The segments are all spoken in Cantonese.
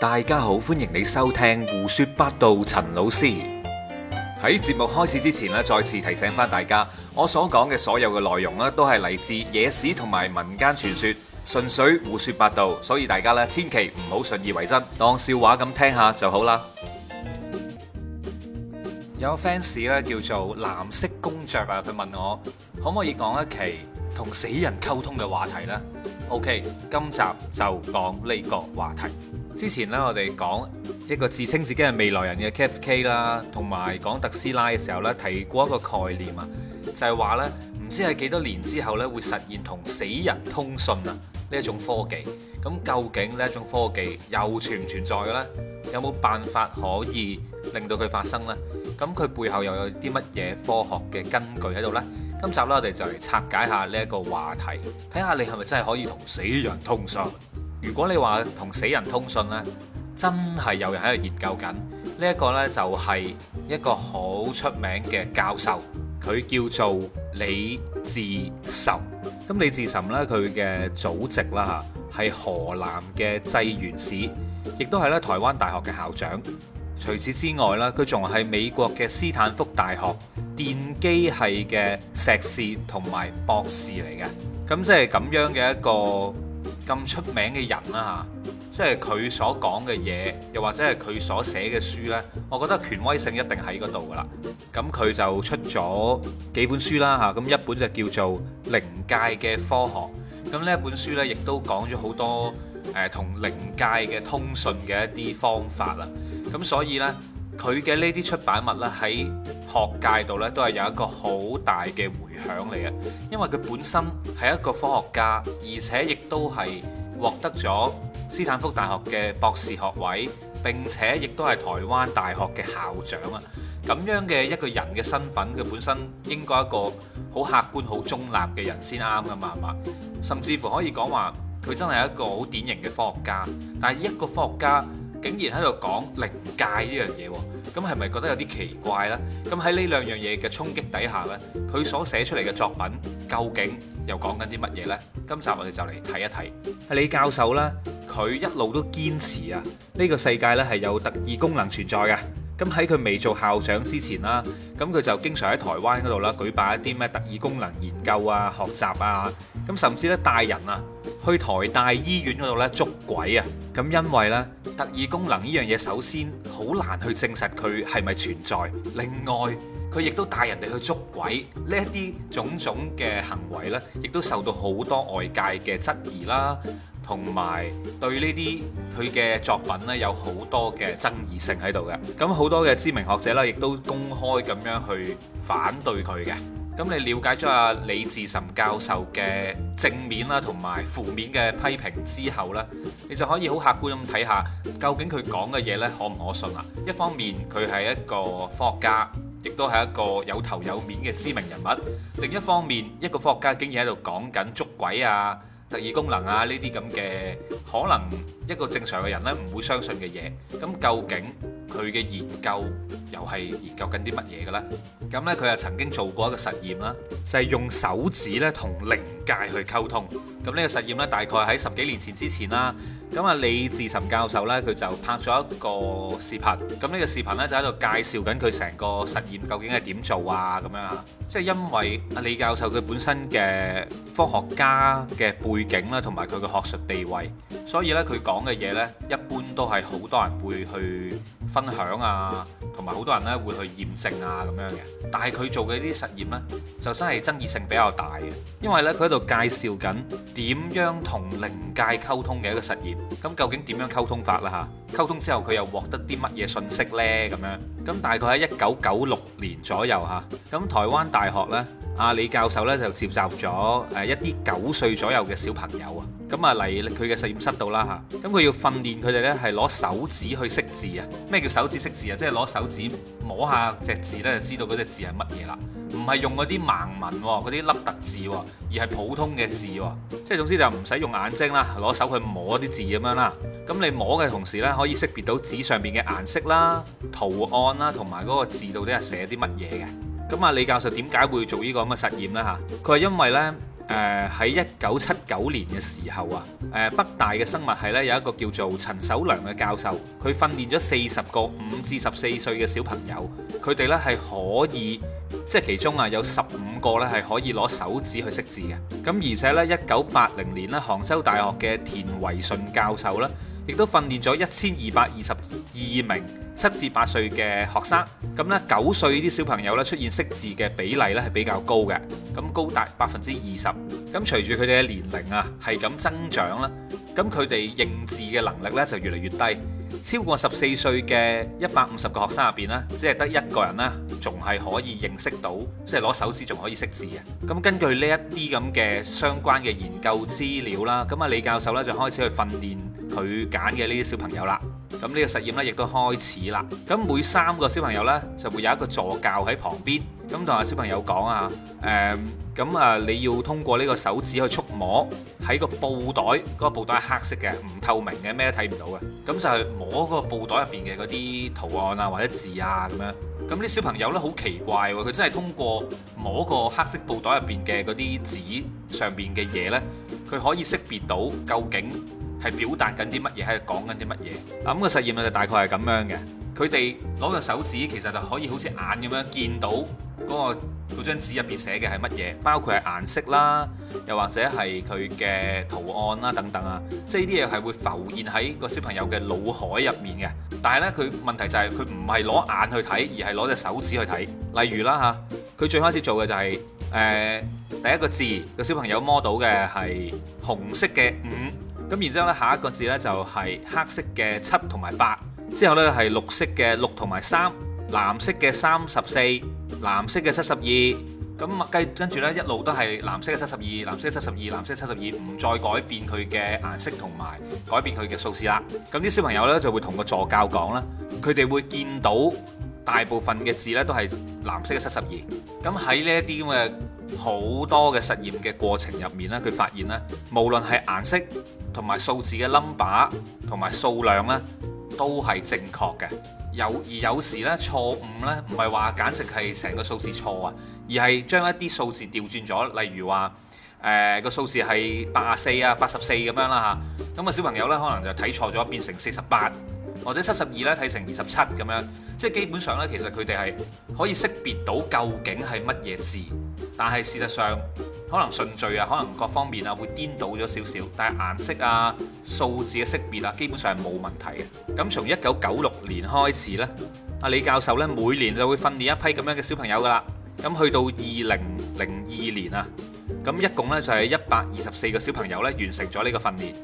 大家好，歡迎你收聽胡說八道。陳老師喺節目開始之前咧，再次提醒翻大家，我所講嘅所有嘅內容咧，都係嚟自野史同埋民間傳說，純粹胡說八道，所以大家咧千祈唔好信以為真，當笑話咁聽下就好啦。有 fans 咧叫做藍色公爵啊，佢問我可唔可以講一期同死人溝通嘅話題呢？OK，今集就講呢個話題。之前咧，我哋講一個自稱自己係未來人嘅 KFK 啦，同埋講特斯拉嘅時候咧，提過一個概念啊，就係話咧，唔知喺幾多年之後咧會實現同死人通訊啊呢一種科技。咁究竟呢一種科技又存唔存在嘅咧？有冇辦法可以令到佢發生咧？咁佢背後又有啲乜嘢科學嘅根據喺度咧？今集咧，我哋就嚟拆解下呢一個話題，睇下你係咪真係可以同死人通訊。如果你話同死人通訊呢，真係有人喺度研究緊呢、這個、一個呢，就係一個好出名嘅教授，佢叫做李志岑。咁李志岑呢，佢嘅祖籍啦吓係河南嘅濟源市，亦都係咧台灣大學嘅校長。除此之外呢，佢仲係美國嘅斯坦福大學電機系嘅碩士同埋博士嚟嘅。咁即係咁樣嘅一個。咁出名嘅人啦吓，即係佢所講嘅嘢，又或者係佢所寫嘅書呢，我覺得權威性一定喺嗰度噶啦。咁佢就出咗幾本書啦吓，咁一本就叫做《靈界嘅科學》。咁呢一本書呢，亦都講咗好多誒同靈界嘅通訊嘅一啲方法啦。咁所以呢，佢嘅呢啲出版物咧喺學界度咧都係有一個好大嘅迴響嚟嘅，因為佢本身係一個科學家，而且亦都係獲得咗斯坦福大學嘅博士學位，並且亦都係台灣大學嘅校長啊！咁樣嘅一個人嘅身份，佢本身應該一個好客觀、好中立嘅人先啱㗎嘛，係嘛？甚至乎可以講話，佢真係一個好典型嘅科學家，但係一個科學家，竟然喺度講靈界呢樣嘢喎，咁係咪覺得有啲奇怪呢？咁喺呢兩樣嘢嘅衝擊底下呢，佢所寫出嚟嘅作品究竟又講緊啲乜嘢呢？今集我哋就嚟睇一睇阿李教授咧，佢一路都堅持啊，呢個世界呢係有特異功能存在嘅。咁喺佢未做校長之前啦，咁佢就經常喺台灣嗰度啦舉辦一啲咩特異功能研究啊、學習啊，咁甚至咧帶人啊，去台大醫院嗰度咧捉鬼啊！咁因為咧特異功能呢樣嘢，首先好難去證實佢係咪存在。另外，佢亦都帶人哋去捉鬼呢一啲種種嘅行為呢亦都受到好多外界嘅質疑啦，同埋對呢啲佢嘅作品呢有好多嘅爭議性喺度嘅。咁好多嘅知名學者呢亦都公開咁樣去反對佢嘅。咁你了解咗阿李嗣涔教授嘅正面啦，同埋負面嘅批評之後咧，你就可以好客觀咁睇下，究竟佢講嘅嘢咧可唔可信啊？一方面佢係一個科學家，亦都係一個有頭有面嘅知名人物；另一方面，一個科學家竟然喺度講緊捉鬼啊、特異功能啊呢啲咁嘅，可能一個正常嘅人咧唔會相信嘅嘢，咁究竟？佢嘅研究又係研究緊啲乜嘢嘅咧？咁呢，佢又曾經做過一個實驗啦，就係用手指咧同靈界去溝通。咁呢個實驗呢，大概喺十幾年前之前啦。咁啊，李嗣涔教授呢，佢就拍咗一個視頻。咁呢個視頻呢，就喺度介紹緊佢成個實驗究竟係點做啊？咁樣，即係因為阿李教授佢本身嘅科學家嘅背景啦，同埋佢嘅學術地位，所以呢，佢講嘅嘢呢，一般都係好多人會去分享啊，同埋好多人呢會去驗證啊咁樣嘅，但係佢做嘅呢啲實驗呢，就真係爭議性比較大嘅，因為呢，佢喺度介紹緊點樣同靈界溝通嘅一個實驗，咁究竟點樣溝通法呢？嚇？溝通之後，佢又獲得啲乜嘢信息呢？咁樣咁大概喺一九九六年左右嚇，咁台灣大學呢，阿李教授呢就接習咗誒一啲九歲左右嘅小朋友啊，咁啊嚟佢嘅實驗室度啦嚇，咁佢要訓練佢哋呢係攞手指去識字啊，咩叫手指識字啊？即係攞手指摸下隻字呢，就知道嗰隻字係乜嘢啦，唔係用嗰啲盲文嗰啲凹凸字，而係普通嘅字喎，即係總之就唔使用眼睛啦，攞手去摸啲字咁樣啦。咁你摸嘅同時呢，可以識別到紙上邊嘅顏色啦、圖案啦，同埋嗰個字到底係寫啲乜嘢嘅。咁啊，李教授點解會做呢個咁嘅實驗呢？嚇，佢話因為呢，誒喺一九七九年嘅時候啊，誒北大嘅生物系呢有一個叫做陳守良嘅教授，佢訓練咗四十個五至十四歲嘅小朋友，佢哋呢係可以，即係其中啊有十五個呢係可以攞手指去識字嘅。咁而且呢，一九八零年呢，杭州大學嘅田維信教授呢。亦都訓練咗一千二百二十二名七至八歲嘅學生，咁咧九歲啲小朋友咧出現識字嘅比例咧係比較高嘅，咁高達百分之二十。咁隨住佢哋嘅年齡啊，係咁增長啦，咁佢哋認字嘅能力咧就越嚟越低。超過十四歲嘅一百五十個學生入邊咧，只係得一個人啦，仲係可以認識到，即係攞手指仲可以識字嘅。咁根據呢一啲咁嘅相關嘅研究資料啦，咁啊李教授咧就開始去訓練。佢揀嘅呢啲小朋友啦，咁呢個實驗咧亦都開始啦。咁每三個小朋友咧就會有一個助教喺旁邊，咁同阿小朋友講啊，誒咁啊，你要通過呢個手指去觸摸喺個布袋，嗰個布袋係黑色嘅，唔透明嘅，咩都睇唔到嘅。咁就係摸個布袋入邊嘅嗰啲圖案啊，或者字啊咁樣。咁啲小朋友咧好奇怪喎，佢真係通過摸個黑色布袋入邊嘅嗰啲紙上邊嘅嘢咧，佢可以識別到究竟。係表達緊啲乜嘢，係講緊啲乜嘢。嗱，咁個實驗咧就大概係咁樣嘅。佢哋攞個手指其實就可以好似眼咁樣見到嗰個嗰張紙入邊寫嘅係乜嘢，包括係顏色啦，又或者係佢嘅圖案啦等等啊。即係呢啲嘢係會浮現喺個小朋友嘅腦海入面嘅。但係呢，佢問題就係佢唔係攞眼去睇，而係攞隻手指去睇。例如啦吓，佢最開始做嘅就係誒第一個字，個小朋友摸到嘅係紅色嘅五。咁然之後咧，下一個字咧就係黑色嘅七同埋八，之後呢係綠色嘅六同埋三，藍色嘅三十四，藍色嘅七十二。咁啊，計跟住呢，一路都係藍色嘅七十二，藍色嘅七十二，藍色嘅七十二，唔再改變佢嘅顏色同埋改變佢嘅數字啦。咁啲小朋友呢就會同個助教講啦，佢哋會見到大部分嘅字呢都係藍色嘅七十二。咁喺呢啲咁嘅好多嘅實驗嘅過程入面呢，佢發現呢，無論係顏色，同埋數字嘅 number 同埋數量呢，都係正確嘅。有而有時呢，錯誤呢，唔係話簡直係成個數字錯啊，而係將一啲數字調轉咗。例如話誒個數字係八十四啊，八十四咁樣啦吓。咁啊小朋友呢，可能就睇錯咗，變成四十八或者七十二呢，睇成二十七咁樣。即係基本上呢，其實佢哋係可以識別到究竟係乜嘢字，但係事實上，可能順序啊，可能各方面啊，會顛倒咗少少，但係顏色啊、數字嘅識別啊，基本上係冇問題嘅。咁從一九九六年開始呢，阿李教授呢，每年就會訓練一批咁樣嘅小朋友噶啦。咁去到二零零二年啊，咁一共呢，就係一百二十四個小朋友呢，完成咗呢個訓練。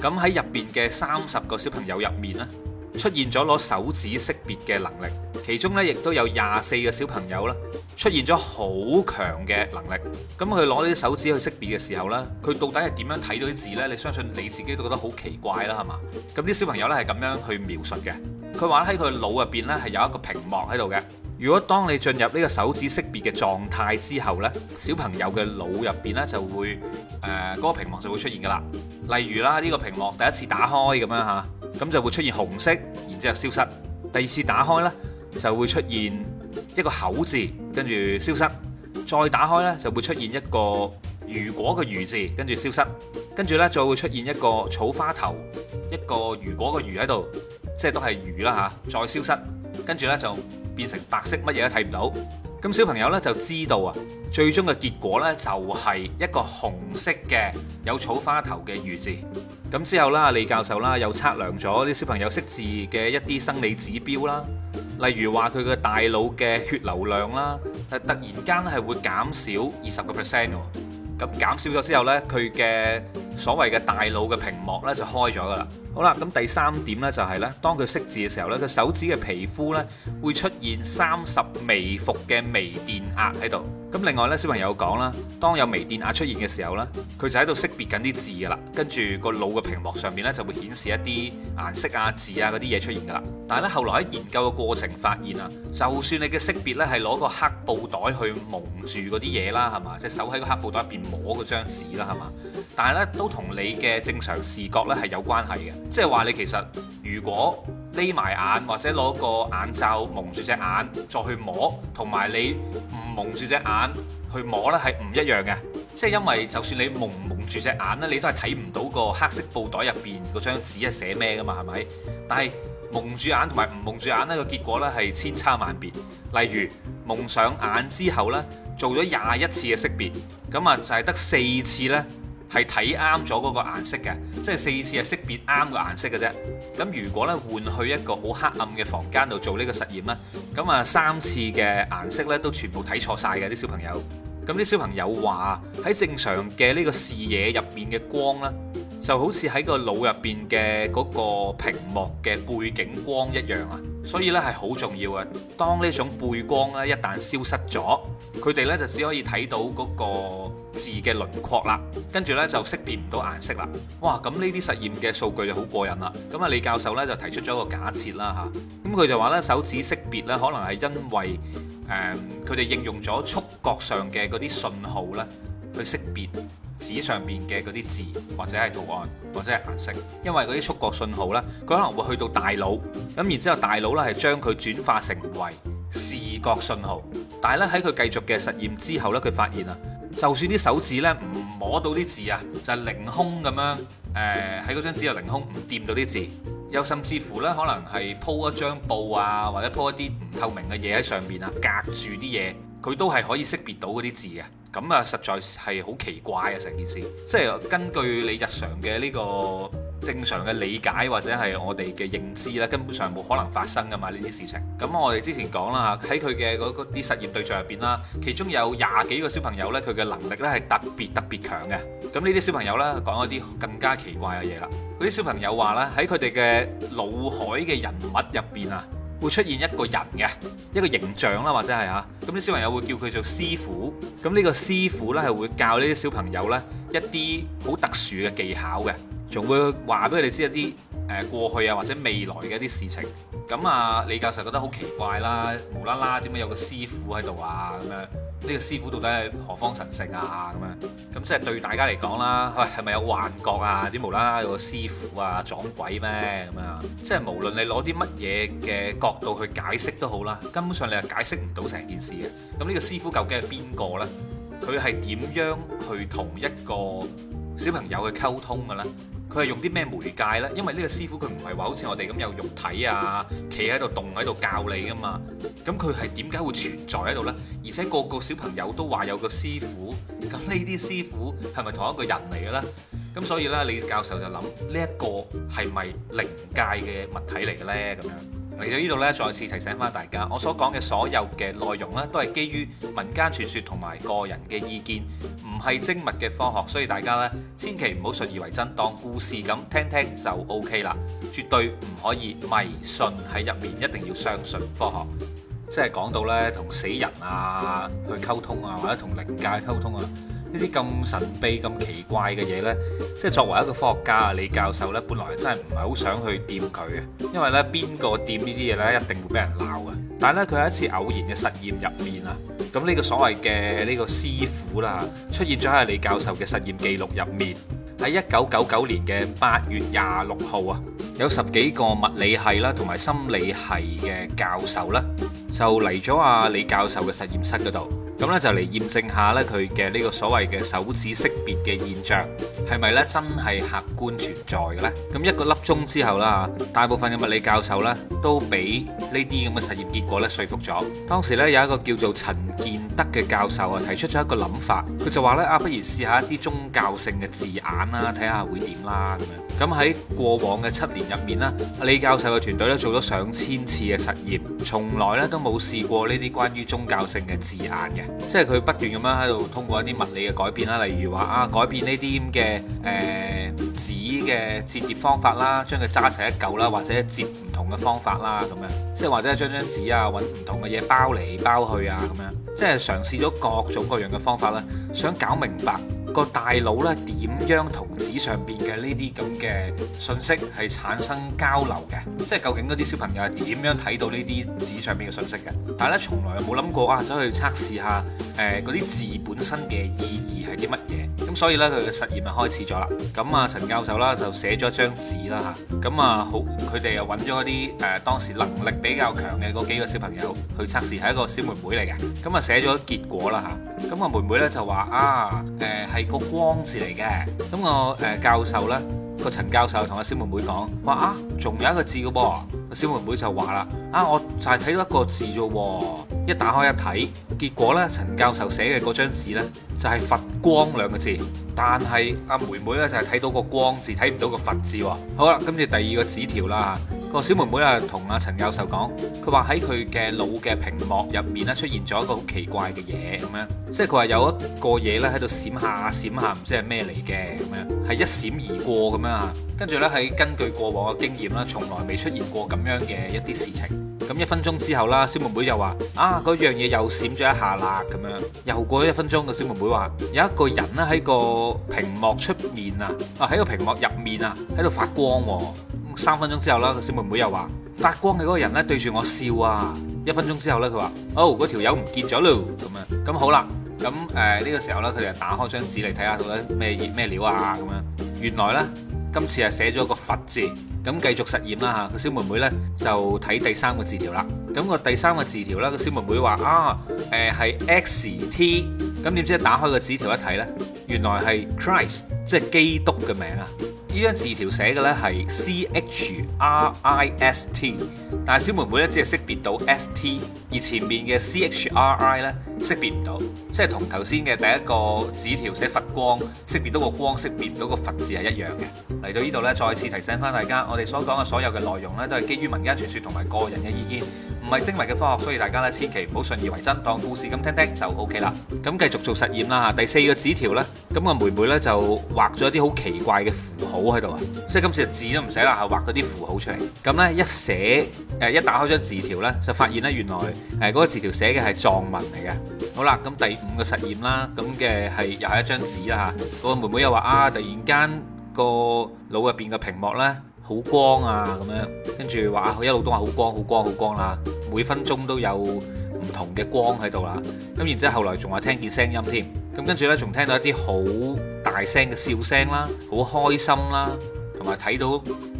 咁喺入邊嘅三十個小朋友入面呢，出現咗攞手指識別嘅能力。其中咧，亦都有廿四個小朋友啦，出現咗好強嘅能力。咁佢攞呢啲手指去識別嘅時候呢，佢到底係點樣睇到啲字呢？你相信你自己都覺得好奇怪啦，係嘛？咁啲小朋友呢，係咁樣去描述嘅。佢話喺佢腦入邊呢，係有一個屏幕喺度嘅。如果當你進入呢個手指識別嘅狀態之後呢，小朋友嘅腦入邊呢，就會誒嗰個屏幕就會出現㗎啦。例如啦，呢個屏幕第一次打開咁樣吓，咁就會出現紅色，然之後消失。第二次打開呢，就會出現一個口字，跟住消失，再打開呢，就會出現一個如果嘅如字，跟住消失，跟住呢，再會出現一個草花頭，一個如果嘅如喺度，即係都係如啦吓，再消失，跟住呢，就變成白色，乜嘢都睇唔到。咁小朋友呢，就知道啊，最終嘅結果呢，就係一個紅色嘅有草花頭嘅如字。咁之後啦，李教授啦又測量咗啲小朋友識字嘅一啲生理指標啦。例如話佢嘅大腦嘅血流量啦，係突然間係會減少二十個 percent 喎。咁減少咗之後呢，佢嘅所謂嘅大腦嘅屏幕呢，就開咗噶啦。好啦，咁第三點呢，就係呢：當佢識字嘅時候呢，佢手指嘅皮膚呢，會出現三十微伏嘅微電壓喺度。咁另外呢，小朋友講啦，當有微電壓出現嘅時候呢，佢就喺度識別緊啲字噶啦，跟住個腦嘅屏幕上面呢，就會顯示一啲顏色啊、字啊嗰啲嘢出現噶啦。但係呢，後來喺研究嘅過程發現啊，就算你嘅識別呢係攞個黑布袋去蒙住嗰啲嘢啦，係嘛，即係隻手喺個黑布袋入邊摸嗰張紙啦，係嘛，但係呢，都同你嘅正常視覺呢係有關係嘅，即係話你其實如果匿埋眼或者攞個眼罩蒙住隻眼再去摸，同埋你唔蒙住隻眼去摸呢係唔一樣嘅。即係因為就算你蒙唔蒙住隻眼呢，你都係睇唔到個黑色布袋入邊嗰張紙係寫咩噶嘛，係咪？但係蒙住眼同埋唔蒙住眼呢個結果呢，係千差萬別。例如蒙上眼之後呢，做咗廿一次嘅識別，咁啊就係得四次呢。係睇啱咗嗰個顏色嘅，即係四次係識別啱個顏色嘅啫。咁如果呢換去一個好黑暗嘅房間度做呢個實驗呢，咁啊三次嘅顏色呢都全部睇錯晒嘅啲小朋友。咁啲小朋友話喺正常嘅呢個視野入面嘅光呢，就好似喺個腦入邊嘅嗰個屏幕嘅背景光一樣啊。所以咧係好重要嘅，當呢種背光咧一旦消失咗，佢哋咧就只可以睇到嗰個字嘅輪廓啦，跟住咧就識別唔到顏色啦。哇！咁呢啲實驗嘅數據就好過癮啦。咁啊，李教授咧就提出咗一個假設啦吓，咁佢就話咧手指識別咧可能係因為誒佢哋應用咗觸覺上嘅嗰啲信號咧去識別。紙上面嘅嗰啲字或者係圖案或者係顏色，因為嗰啲觸覺信號呢，佢可能會去到大腦，咁然之後大腦呢，係將佢轉化成為視覺信號。但係咧喺佢繼續嘅實驗之後呢，佢發現啊，就算啲手指呢唔摸到啲字啊，就係凌空咁樣誒喺嗰張紙度凌空唔掂到啲字，又甚至乎呢，可能係鋪一張布啊，或者鋪一啲唔透明嘅嘢喺上面啊，隔住啲嘢，佢都係可以識別到嗰啲字嘅。咁啊，實在係好奇怪啊！成件事，即係根據你日常嘅呢個正常嘅理解或者係我哋嘅認知咧，根本上冇可能發生噶嘛呢啲事情。咁我哋之前講啦，喺佢嘅嗰啲實驗對象入邊啦，其中有廿幾個小朋友呢，佢嘅能力呢係特別特別強嘅。咁呢啲小朋友呢，講一啲更加奇怪嘅嘢啦。嗰啲小朋友話呢，喺佢哋嘅腦海嘅人物入邊啊。會出現一個人嘅一個形象啦，或者係啊，咁啲小朋友會叫佢做師傅，咁呢個師傅呢，係會教呢啲小朋友呢一啲好特殊嘅技巧嘅，仲會話俾佢哋知一啲誒過去啊或者未來嘅一啲事情，咁啊李教授覺得好奇怪啦，無啦啦點解有個師傅喺度啊咁樣？呢個師傅到底係何方神聖啊？咁樣咁即係對大家嚟講啦，係、哎、咪有幻覺啊？啲無啦啦有個師傅啊撞鬼咩咁樣？即係無論你攞啲乜嘢嘅角度去解釋都好啦，根本上你係解釋唔到成件事嘅。咁呢個師傅究竟係邊個呢？佢係點樣去同一個小朋友去溝通嘅咧？佢係用啲咩媒介呢？因為呢個師傅佢唔係話好似我哋咁有肉體啊，企喺度、動喺度教你噶嘛。咁佢係點解會存在喺度呢？而且個個小朋友都話有個師傅。咁呢啲師傅係咪同一個人嚟嘅呢？咁所以呢，李教授就諗呢一個係咪靈界嘅物體嚟嘅呢？咁樣。嚟到呢度呢，再次提醒翻大家，我所講嘅所有嘅內容呢，都係基於民間傳說同埋個人嘅意見，唔係精密嘅科學，所以大家呢，千祈唔好信以為真，當故事咁聽聽就 OK 啦，絕對唔可以迷信喺入面，一定要相信科學。即係講到呢，同死人啊去溝通啊，或者同靈界溝通啊。呢啲咁神秘、咁奇怪嘅嘢呢，即係作為一個科學家啊，李教授呢，本來真係唔係好想去掂佢嘅，因為呢邊個掂呢啲嘢呢，一定會俾人鬧嘅。但係咧，佢喺一次偶然嘅實驗入面啊，咁、這、呢個所謂嘅呢個師傅啦，出現咗喺李教授嘅實驗記錄入面。喺一九九九年嘅八月廿六號啊，有十幾個物理系啦同埋心理系嘅教授啦，就嚟咗阿李教授嘅實驗室嗰度。咁咧就嚟驗證下咧佢嘅呢個所謂嘅手指識別嘅現象係咪咧真係客觀存在嘅呢？咁一個粒鐘之後啦，大部分嘅物理教授咧都俾呢啲咁嘅實驗結果咧說服咗。當時咧有一個叫做陳建德嘅教授啊提出咗一個諗法，佢就話咧啊，不如試下一啲宗教性嘅字眼啦，睇下會點啦咁樣。咁喺過往嘅七年入面呢，李教授嘅團隊咧做咗上千次嘅實驗，從來咧都冇試過呢啲關於宗教性嘅字眼嘅，即係佢不斷咁樣喺度通過一啲物理嘅改變啦，例如話啊改變呢啲咁嘅誒紙嘅摺疊方法啦，將佢揸成一嚿啦，或者折唔同嘅方法啦咁樣，即係或者係將張紙啊揾唔同嘅嘢包嚟包去啊咁樣，即係嘗試咗各種各樣嘅方法啦，想搞明白。個大腦咧點樣同紙上邊嘅呢啲咁嘅信息係產生交流嘅？即係究竟嗰啲小朋友係點樣睇到呢啲紙上邊嘅信息嘅？但係咧，從來又冇諗過啊，走去測試下誒嗰啲字本身嘅意義係啲乜嘢？咁、啊、所以咧，佢嘅實驗就開始咗啦。咁啊，陳教授啦就寫咗一張紙啦嚇。咁啊，好佢哋又揾咗一啲誒、呃、當時能力比較強嘅嗰幾個小朋友去測試，係一個小妹妹嚟嘅。咁啊，寫、嗯、咗結果啦嚇。咁啊、嗯，妹妹咧就話啊誒係。呃呃個光字嚟嘅，咁我誒、呃、教授呢，個陳教授同阿小妹妹講，話啊，仲有一個字嘅噃，個小妹妹就話啦，啊，我就係睇到一個字啫。一打開一睇，結果呢，陳教授寫嘅嗰張紙呢，就係佛光兩個字。但係阿妹妹呢，就係睇到個光字，睇唔到個佛字喎。好啦，跟住第二個紙條啦，個小妹妹啊同阿陳教授講，佢話喺佢嘅腦嘅屏幕入面呢，出現咗一個好奇怪嘅嘢咁樣，即係佢話有一個嘢呢，喺度閃下閃下，唔知係咩嚟嘅咁樣，係一閃而過咁樣啊。跟住呢，係根據過往嘅經驗啦，從來未出現過咁樣嘅一啲事情。咁一分鐘之後啦，小妹妹又話：啊，嗰樣嘢又閃咗一下啦，咁樣。又過咗一分鐘，個小妹妹話：有一個人咧喺個屏幕出面啊，啊喺個屏幕入面啊，喺度發光。咁三分鐘之後啦，個小妹妹又話：發光嘅嗰個人咧對住我笑啊。一分鐘之後咧，佢話：哦，嗰條友唔見咗咯。咁樣，咁好啦，咁誒呢個時候咧，佢哋就打開張紙嚟睇下到底咩咩料啊咁樣。原來咧，今次係寫咗個佛字。咁繼續實驗啦嚇，個小妹妹咧就睇第三個字條啦。咁個第三個字條咧，個小妹妹話啊，誒、呃、係 X T。咁點知一打開個紙條一睇咧，原來係 Christ，即係基督嘅名啊！呢張字條寫嘅咧係 C H R I S T，但係小妹妹咧只係識別到 S T，而前面嘅 C H R I 咧，識別唔到，即係同頭先嘅第一個紙條寫佛光，識別到個光，識別唔到個佛字係一樣嘅。嚟到呢度咧，再次提醒翻大家，我哋所講嘅所有嘅內容咧，都係基於民間傳說同埋個人嘅意見，唔係精密嘅科學，所以大家咧千祈唔好信以為真，當故事咁聽聽就 OK 啦。咁繼續做實驗啦嚇，第四個紙條咧，咁個妹妹咧就畫咗啲好奇怪嘅符號喺度啊，即係今次字都唔寫啦，畫嗰啲符號出嚟。咁咧一寫，誒一打開張紙條咧，就發現咧原來誒嗰個紙條寫嘅係藏文嚟嘅。好啦，咁第五個實驗啦，咁嘅係又係一張紙啦嚇。嗰個妹妹又話啊，突然間個腦入邊嘅屏幕呢，好光啊咁樣，跟住話佢一路都話好光好光好光啦，每分鐘都有唔同嘅光喺度啦。咁然之後，後來仲話聽見聲音添，咁跟住呢，仲聽到一啲好大聲嘅笑聲啦，好開心啦，同埋睇到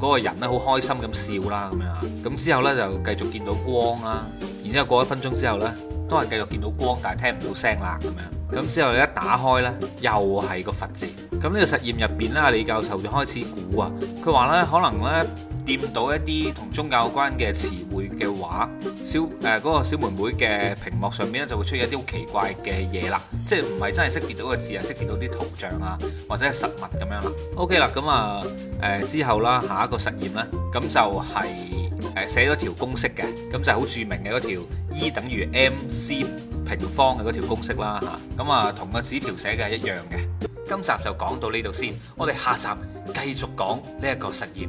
嗰個人呢，好開心咁笑啦咁樣。咁之後呢，就繼續見到光啦，然之後過一分鐘之後呢，都係繼續見到光，但係聽唔到聲啦咁樣。咁之後一打開呢，又係個佛字。咁呢個實驗入邊呢，李教授就開始估啊。佢話呢，可能呢掂到一啲同宗教有關嘅詞彙嘅話，小誒嗰、呃那個小妹妹嘅屏幕上面咧就會出現一啲好奇怪嘅嘢啦。即係唔係真係識別到個字啊？識別到啲圖像啊，或者係實物咁樣啦。OK 啦，咁啊誒之後啦，下一個實驗呢，咁就係、是。誒，寫咗條公式嘅，咁就係好著名嘅嗰條 E 等於 MC 平方嘅嗰條公式啦吓，咁啊、嗯、同個紙條寫嘅係一樣嘅。今集就講到呢度先，我哋下集繼續講呢一個實驗。